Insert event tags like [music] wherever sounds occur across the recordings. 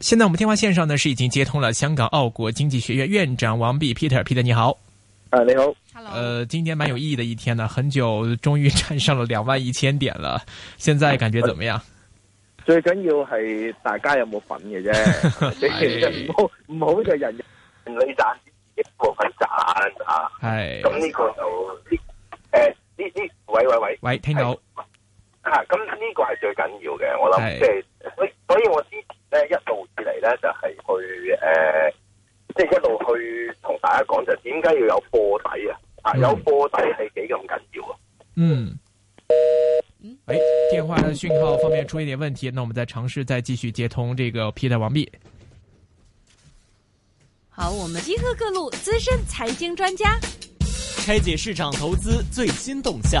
現在我們電話線上呢，是已經接通了香港澳國經濟學院院長王弼 Peter，Peter Peter，你好。誒、uh, 你好，Hello，呃。誒，今天蠻有意義的一天呢，很久終於站上了兩萬一千點了，現在感覺怎麼樣？最緊要係大家有冇份嘅啫，你其實唔好唔好就人你賺一部分賺啊，係、哎。咁呢個就呢誒呢啲，喂，呃、喂喂，喂，喂聽到？吓咁呢個係最緊要嘅，我諗即係，所、哎就是、所以我知。咧，一路以嚟咧，就係去誒，即、呃、係一路去同大家講，就點解要有波底啊？啊，有波底係幾咁緊要啊？嗯，誒、哎，電話訊號方面出一點問題，那我們再嘗試再繼續接通。這個 Peter 完畢，好，我們集合各路資深財經專家，拆解市場投資最新動向。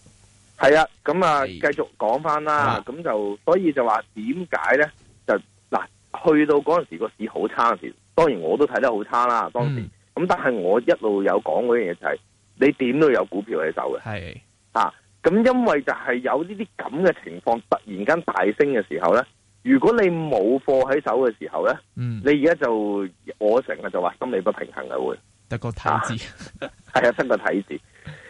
係啊，咁啊，繼續講翻啦。咁、啊、就所以就話點解咧？就嗱、啊，去到嗰陣時個市好差嘅時，當然我都睇得好差啦。當時咁、嗯，但係我一路有講嗰樣嘢就係、是，你點都有股票喺手嘅。係啊，咁、啊、因為就係有呢啲咁嘅情況，突然間大升嘅時候咧，如果你冇貨喺手嘅時候咧、嗯，你而家就我成日就話心理不平衡嘅會得個睇字，係啊， [laughs] 啊，得個睇字。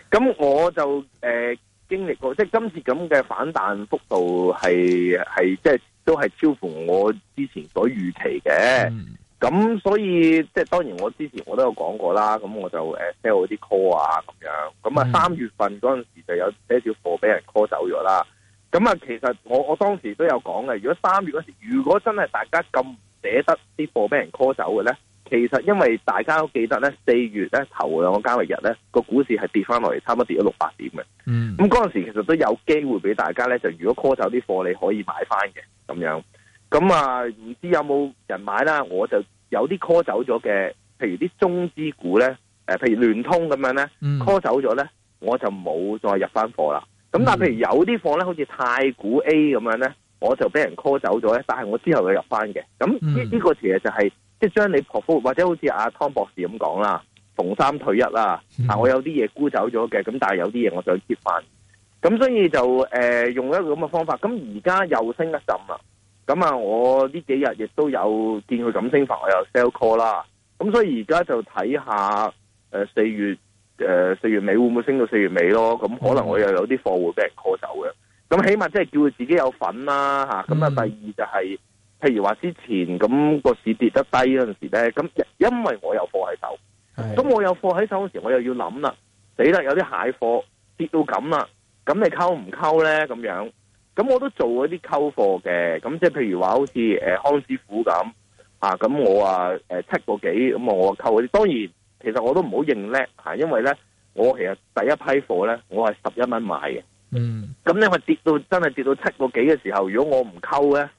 咁 [laughs] 我就誒。呃經歷過即係今次咁嘅反彈幅度係係即係都係超乎我之前所預期嘅。咁、嗯、所以即係當然我之前我都有講過啦。咁我就誒 sell 啲 call 啊，咁樣咁啊、嗯。三月份嗰陣時就有少少貨俾人 call 走咗啦。咁啊，其實我我當時都有講嘅。如果三月嗰時如果真係大家咁捨得啲貨俾人 call 走嘅咧？其實因為大家都記得咧，四月咧頭兩個交易日咧個股市係跌翻落嚟，差唔多跌咗六百點嘅。咁嗰陣時其實都有機會俾大家咧，就如果 call 走啲貨，你可以買翻嘅咁樣。咁、嗯、啊，唔知有冇人買啦？我就有啲 call 走咗嘅，譬如啲中資股咧，誒，譬如聯通咁樣咧、嗯、，call 走咗咧，我就冇再入翻貨啦。咁、嗯、但係譬如有啲貨咧，好似太古 A 咁樣咧，我就俾人 call 走咗咧，但係我之後又入翻嘅。咁呢呢個其實就係、是。即係將你 portfolio 或者好似阿湯博士咁講啦，逢三退一啦、嗯，啊我有啲嘢沽走咗嘅，咁但係有啲嘢我想接翻，咁所以就誒、呃、用一個咁嘅方法。咁而家又升一浸啦，咁啊我呢幾日亦都有見佢咁升法，我又 sell call 啦。咁所以而家就睇下誒四月誒四、呃、月尾會唔會升到四月尾咯？咁可能我又有啲貨會俾人 call 走嘅。咁起碼即係叫佢自己有份啦嚇。咁啊第二就係、是。譬如話之前咁個市跌得低嗰陣時咧，咁因為我有貨喺手，咁我有貨喺手嗰時候，我又要諗啦，死啦，有啲蟹貨跌到咁啦，咁你溝唔溝咧？咁樣，咁我都做一啲溝貨嘅，咁即係譬如話好似誒康師傅咁啊，咁、嗯嗯、我啊誒七個幾，咁我溝嗰啲。當然，其實我都唔好認叻吓，因為咧我其實第一批貨咧，我係十一蚊買嘅。嗯，咁因為跌到真係跌到七個幾嘅時候，如果我唔溝咧？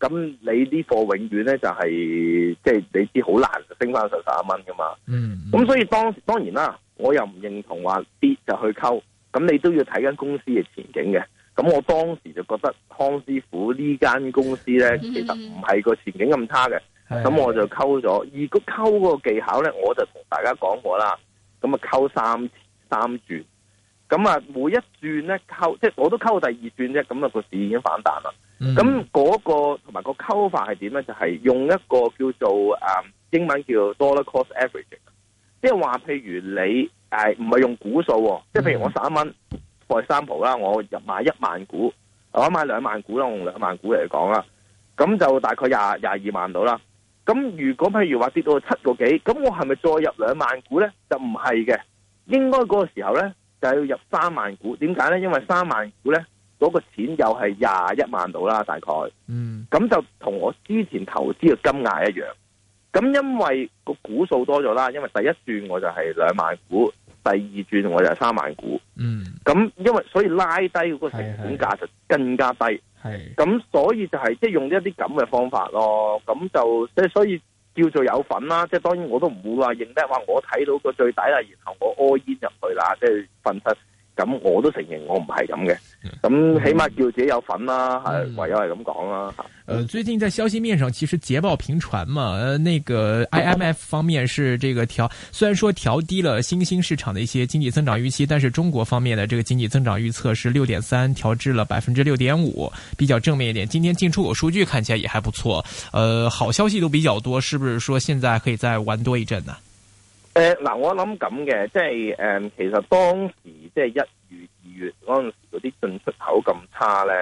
咁你啲貨永遠咧就係即係你知好難升翻十三蚊噶嘛，咁、嗯嗯、所以當當然啦，我又唔認同話必就去溝，咁你都要睇緊公司嘅前景嘅。咁我當時就覺得康師傅呢間公司咧，其實唔係個前景咁差嘅，咁、嗯、我就溝咗。而個溝個技巧咧，我就同大家講過啦，咁啊溝三三轉，咁啊每一轉咧溝，即係我都溝第二轉啫，咁、那、啊個市已經反彈啦。咁嗰、那個同埋個溝法係點咧？就係、是、用一個叫做誒、嗯、英文叫做 Dollar Cost Average，即係話譬如你誒唔係用股數喎、哦，即、就、係、是、譬如我十一蚊再三啦，sample, 我入埋一萬股，我買兩萬股啦，我用兩萬股嚟講啦，咁就大概廿廿二萬到啦。咁如果譬如話跌到七個幾，咁我係咪再入兩萬股咧？就唔係嘅，應該嗰個時候咧就係要入三萬股。點解咧？因為三萬股咧。嗰、那個錢又係廿一萬到啦，大概，咁、嗯、就同我之前投資嘅金額一樣。咁因為個股數多咗啦，因為第一轉我就係兩萬股，第二轉我就係三萬股。嗯，咁因為所以拉低個成本價就更加低。係，咁所以就係即係用一啲咁嘅方法咯。咁就即係所以叫做有份啦。即、就、係、是、當然我都唔會話認得話，我睇到個最低啦，然後我屙煙入去啦，即係噴出。咁我都承認我唔係咁嘅，咁起碼叫自己有份啦，啊嗯，唯有係咁講啦。呃，最近在消息面上，其實捷報頻傳嘛。呃那個 IMF 方面是這個調，雖然說調低了新興市場的一些經濟增長預期，但是中國方面的這個經濟增長預測是六點三調至了百分之六點五，比較正面一點。今天進出口數據看起來也還不錯，呃，好消息都比較多，是不是說現在可以再玩多一陣呢？誒，嗱，我諗咁嘅，即係誒、嗯，其實當時即係一月、二月嗰陣時嗰啲進出口咁差咧，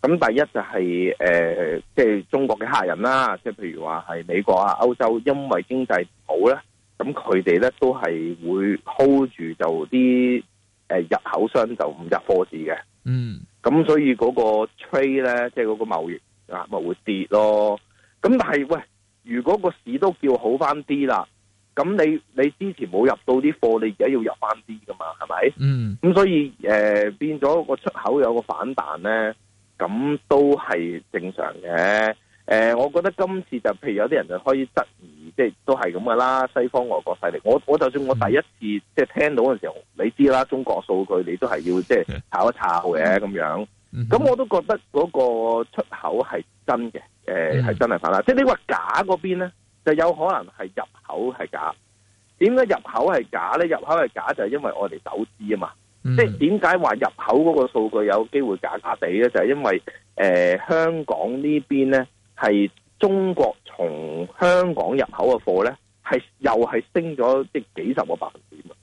咁第一就係、是、誒、呃，即係中國嘅客人啦，即係譬如話係美國啊、歐洲，因為經濟唔好咧，咁佢哋咧都係會 hold 住就啲誒入口商就唔入貨市嘅，嗯，咁所以嗰個 trade 咧，即係嗰個貿易啊，咪會跌咯。咁但係喂，如果個市都叫好翻啲啦。咁你你之前冇入到啲貨，你而家要入翻啲噶嘛？係咪？嗯。咁所以誒、呃，變咗個出口有一個反彈咧，咁都係正常嘅。誒、呃，我覺得今次就譬如有啲人就可以質疑，即係都係咁噶啦。西方外國勢力，我我就算我第一次、嗯、即係聽到嘅時候，你知啦，中國數據你都係要即係查一查嘅咁樣。咁、嗯、我都覺得嗰個出口係真嘅，誒、呃、係、嗯、真係反啦。即係你話假嗰邊咧？就有可能係入口係假，點解入口係假咧？入口係假就係因為我哋走資啊嘛，即係點解話入口嗰個數據有機會假假地咧？就係、是、因為誒、呃、香港這邊呢邊咧係中國從香港入口嘅貨咧，係又係升咗即係幾十個百分點啊！誒、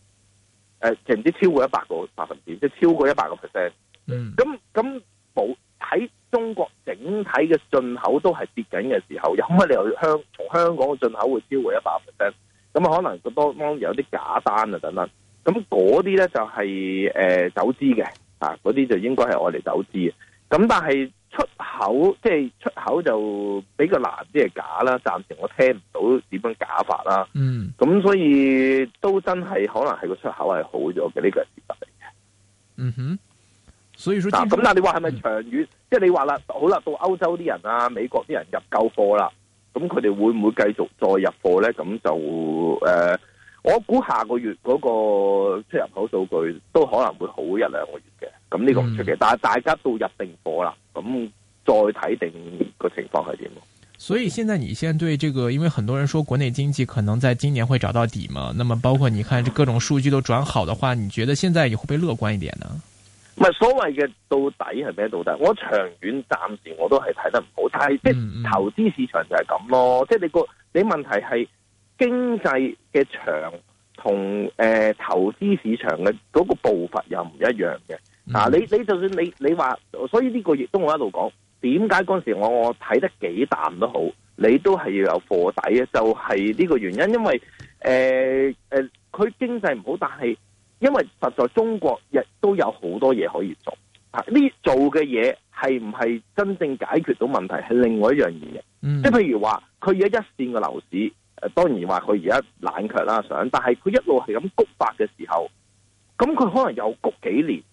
呃，甚至超過一百個百分點，即係超過一百個 percent。嗯、mm -hmm.，咁咁冇喺。中國整體嘅進口都係跌緊嘅時候，有乜理由香從香港嘅進口會超過一百 percent？咁啊，可能當當有啲假單啊，等等。咁嗰啲咧就係、是、誒、呃、走資嘅啊，嗰啲就應該係我哋走資嘅。咁但係出口即係、就是、出口就比較難啲係假啦，暫時我聽唔到點樣假法啦。嗯。咁所以都真係可能係個出口係好咗嘅呢個事實嚟嘅。嗯哼。所嗱咁，但你話係咪長遠？嗯、即係你話啦，好啦，到歐洲啲人啊、美國啲人入夠貨啦，咁佢哋會唔會繼續再入貨咧？咁就誒、呃，我估下個月嗰個出入口數據都可能會好一兩個月嘅。咁、這、呢個唔出奇、嗯，但係大家都入定貨啦，咁再睇定個情況係點咯。所以現在，你現在對這個，因為很多人說國內經濟可能在今年會找到底嘛。那麼包括你看，這各種數據都轉好的話，你覺得現在你會唔會樂觀一點呢？唔係所謂嘅到底係咩？到底我長遠暫時我都係睇得唔好，但係即投資市場就係咁咯。即係你個你問題係經濟嘅長同誒、呃、投資市場嘅嗰個步伐又唔一樣嘅。嗱、啊，你你就算你你話，所以呢個亦都我一路講點解嗰陣時我我睇得幾淡都好，你都係要有貨底呀，就係呢個原因，因為誒誒佢經濟唔好，但係。因為實在中國亦都有好多嘢可以做，啊呢做嘅嘢係唔係真正解決到問題係另外一樣嘢，即、嗯、係譬如話佢而家一線嘅樓市，誒當然話佢而家冷卻啦，想但係佢一路係咁谷發嘅時候，咁佢可能又焗幾年，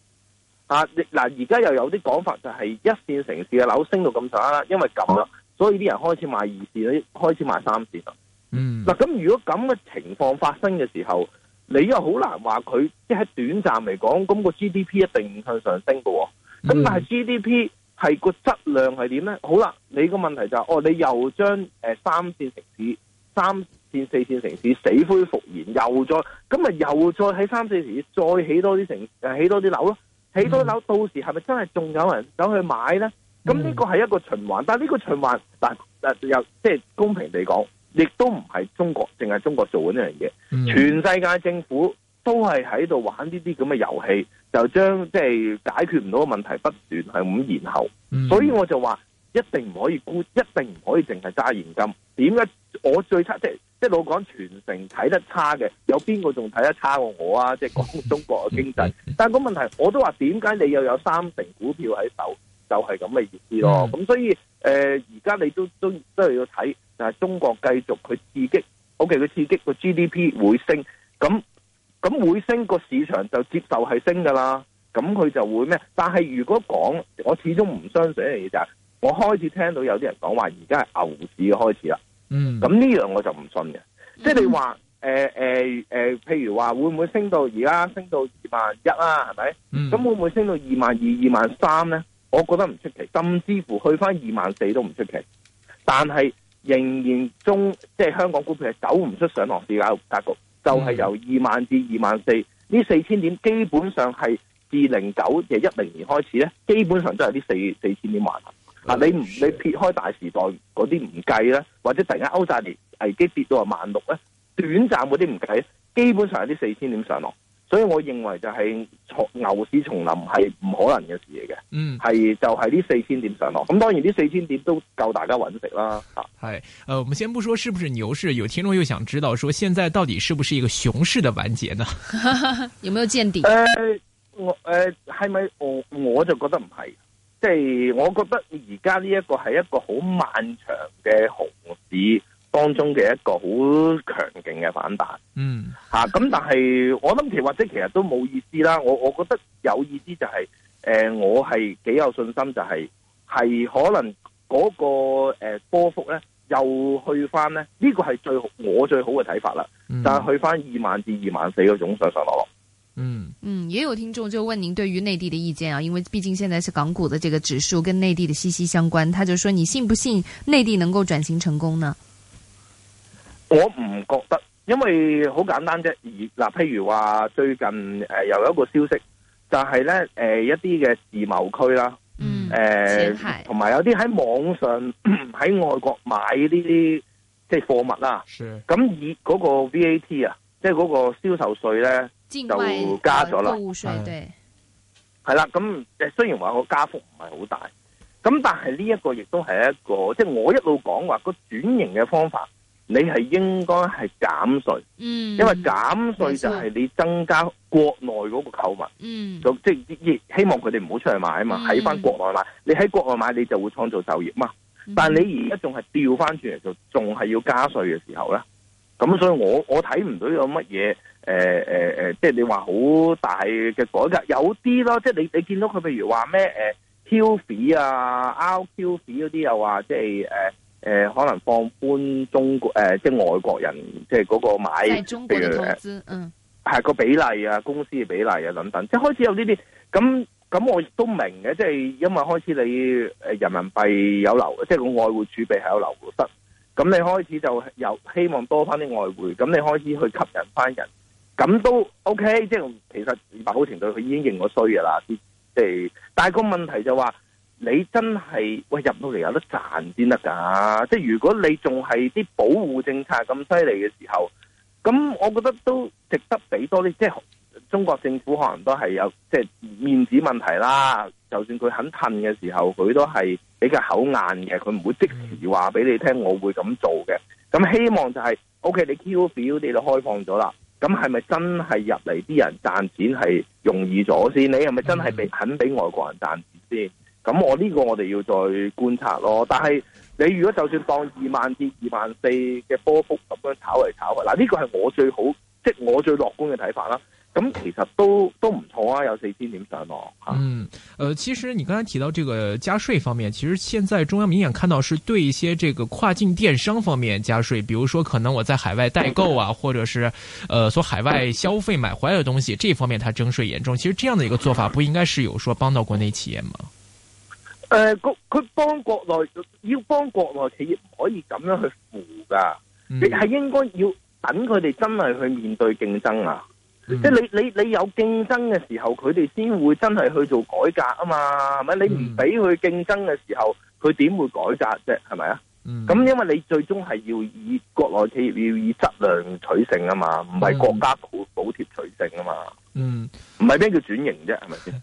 啊嗱而家又有啲講法就係一線城市嘅樓升到咁上下啦，因為咁啦，啊、所以啲人開始賣二線啦，開始賣三線啦，嗱、嗯、咁如果咁嘅情況發生嘅時候。你又好難話佢，即係短暫嚟講，咁個 GDP 一定向上升嘅。咁但係 GDP 係、個質量係點咧？好啦，你個問題就係、是，哦，你又將誒、呃、三線城市、三線、四線城市死灰復燃，又再咁咪，又再喺三四線再起多啲城，誒，起多啲樓咯，起多樓，到時係咪真係仲有人走去買咧？咁呢個係一個循環，但係呢個循環，嗱，又、呃、即係公平地講。亦都唔係中國，淨係中國做緊呢樣嘢，全世界政府都係喺度玩呢啲咁嘅遊戲，就將即係、就是、解決唔到嘅問題不，不斷係咁延後、嗯。所以我就話，一定唔可以沽，一定唔可以淨係揸現金。點解我最差？即係即係老講全城睇得差嘅，有邊個仲睇得差過我啊？即、就、係、是、講中國嘅經濟。嗯、但係個問題，我都話點解你又有三成股票喺手，就係咁嘅意思咯。咁、嗯、所以而家、呃、你都都都係要睇。就係中國繼續佢刺激，OK，佢刺激個 GDP 會升，咁咁會升個市場就接受係升噶啦，咁佢就會咩？但係如果講，我始終唔相信一樣嘢就係，我開始聽到有啲人講話，而家係牛市嘅開始啦。嗯，咁呢樣我就唔信嘅。即係你話，誒誒誒，譬如話會唔會升到而家升到二萬一啊？係咪？咁、嗯、會唔會升到二萬二、二萬三咧？我覺得唔出奇，甚至乎去翻二萬四都唔出奇。但係。仍然中即係香港股票係走唔出上落市嘅格局，就係、是，由二萬至二萬四呢四千點，基本上係二零九即係一零年開始咧，基本上都係啲四四千點還。啊、嗯，你唔你撇開大時代嗰啲唔計咧，或者突然間歐債危危機跌到啊萬六咧，短暫嗰啲唔計，基本上係啲四千點上落。所以我認為就係牛市重臨係唔可能嘅事嚟嘅，嗯，係就係呢四千點上落。咁當然呢四千點都夠大家搵食啦。係、嗯，誒，我們先不說是不是牛市，有聽眾又想知道說，現在到底是不是一個熊市的完結呢？ [laughs] 有沒有見底、呃？我誒係咪我我就覺得唔係，即、就、係、是、我覺得而家呢一個係一個好漫長嘅熊市。當中嘅一個好強勁嘅反彈，嗯吓咁、啊，但係我諗其或者其實都冇意思啦。我我覺得有意思就係、是，誒、呃，我係幾有信心就係、是、係可能嗰、那個誒、呃、波幅咧又去翻咧呢、這個係最我最好嘅睇法啦。但、嗯、係、就是、去翻二萬至二萬四嗰種上上落落，嗯嗯，也有聽眾就問您對於內地嘅意見啊，因為畢竟現在是港股的這個指數跟內地的息息相關。他就說，你信不信內地能夠轉型成功呢？我唔覺得，因為好簡單啫。而嗱，譬如話最近誒，又、呃、有一個消息，就係咧誒，一啲嘅自貿區啦，嗯，誒、呃，同埋有啲喺網上喺外國買呢啲即係貨物啦、啊，咁以嗰個 VAT 啊，即係嗰個銷售稅咧就加咗啦，係啦。咁誒，雖然話個加幅唔係好大，咁但係呢一個亦都係一個即係我一路講話個轉型嘅方法。你係應該係減稅，嗯，因為減稅就係你增加國內嗰個購物，嗯，就即係希望佢哋唔好出去買啊嘛，喺、嗯、翻國內買。你喺國內買，你就會創造就業嘛。嗯、但你而家仲係調翻轉嚟做，仲係要加稅嘅時候咧。咁所以我我睇唔到有乜嘢誒誒誒，即、呃、係、呃就是、你話好大嘅改革，有啲咯，即、就、係、是、你你見到佢譬如說、呃啊、話咩誒，Q 幣啊，R Q 嗰啲又話即係誒。就是呃誒，可能放寬中國，誒、呃，即係外國人，即係嗰個買，就是、中國的譬如，嗯，係、啊、個比例啊，公司嘅比例啊，等等，即係開始有呢啲。咁咁，我亦都明嘅，即係因為開始你，誒，人民幣有流，即係個外匯儲備係有流失。咁你開始就有希望多翻啲外匯，咁你開始去吸引翻人，咁都 OK。即係其實二百好程度，佢已經認我衰㗎喇，啲即係，但係個問題就話，你真係喂入到嚟有得賺先得噶即係如果你仲係啲保護政策咁犀利嘅時候，咁我覺得都值得俾多啲。即係中國政府可能都係有即係面子問題啦。就算佢肯褪嘅時候，佢都係比較口硬嘅，佢唔會即時話俾你聽我會咁做嘅。咁希望就係 O K，你 Q F U 你都開放咗啦。咁係咪真係入嚟啲人賺錢係容易咗先？你係咪真係肯俾外國人賺錢先？咁我呢個我哋要再觀察咯。但係你如果就算當二萬至二萬四嘅波幅咁樣炒嚟炒去，嗱、這、呢個係我最好即係、就是、我最樂觀嘅睇法啦。咁其實都都唔錯啊，有四千點上落嚇。嗯，呃其實你剛才提到這個加稅方面，其實現在中央明顯看到是對一些這個跨境電商方面加稅，比如說可能我在海外代購啊，或者是呃，所海外消費買回來嘅東西，這方面它徵稅嚴重。其實這樣的一個做法，不應該是有說幫到國內企業嗎？誒、呃，他幫國佢幫國內要幫國內企業，唔可以咁樣去扶噶，係、嗯、應該要等佢哋真係去面對競爭啊！嗯、即係你你你有競爭嘅時候，佢哋先會真係去做改革啊嘛，係、嗯、咪？你唔俾佢競爭嘅時候，佢點會改革啫？係咪啊？咁、嗯、因為你最終係要以國內企業要以質量取勝啊嘛，唔係國家補補貼取勝啊嘛，嗯，唔係咩叫轉型啫？係咪先？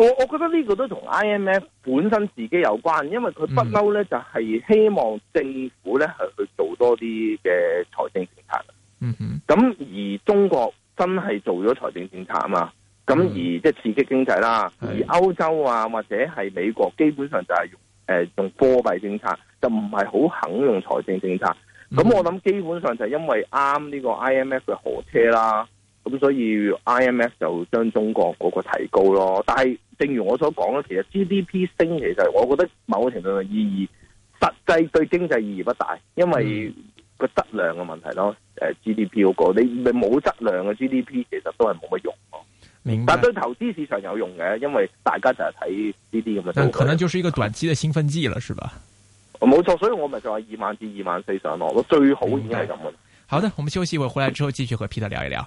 我我覺得呢個都同 IMF 本身自己有關，因為佢不嬲咧就係希望政府咧係去做多啲嘅財政政策。嗯嗯。咁而中國真係做咗財政政策啊嘛，咁而即係刺激經濟啦。而歐洲啊或者係美國，基本上就係用誒、呃、用貨幣政策，就唔係好肯用財政政策。咁我諗基本上就係因為啱呢個 IMF 嘅河車啦。咁所以 IMF 就將中國嗰個提高咯，但係正如我所講咧，其實 G D P 升其實我覺得某程度嘅意義實際對經濟意義不大，因為個質量嘅問題咯。誒 G D P 嗰個你咪冇質量嘅 G D P 其實都係冇乜用。明白，但對投資市場有用嘅，因為大家就係睇呢啲咁嘅。但可能就係一個短期嘅興奮劑啦，是吧？冇錯，所以我咪就話二萬至二萬四上落，我最好已經係咁嘅。好的，我們休息一會，回來之後繼續和 Peter 聊一聊。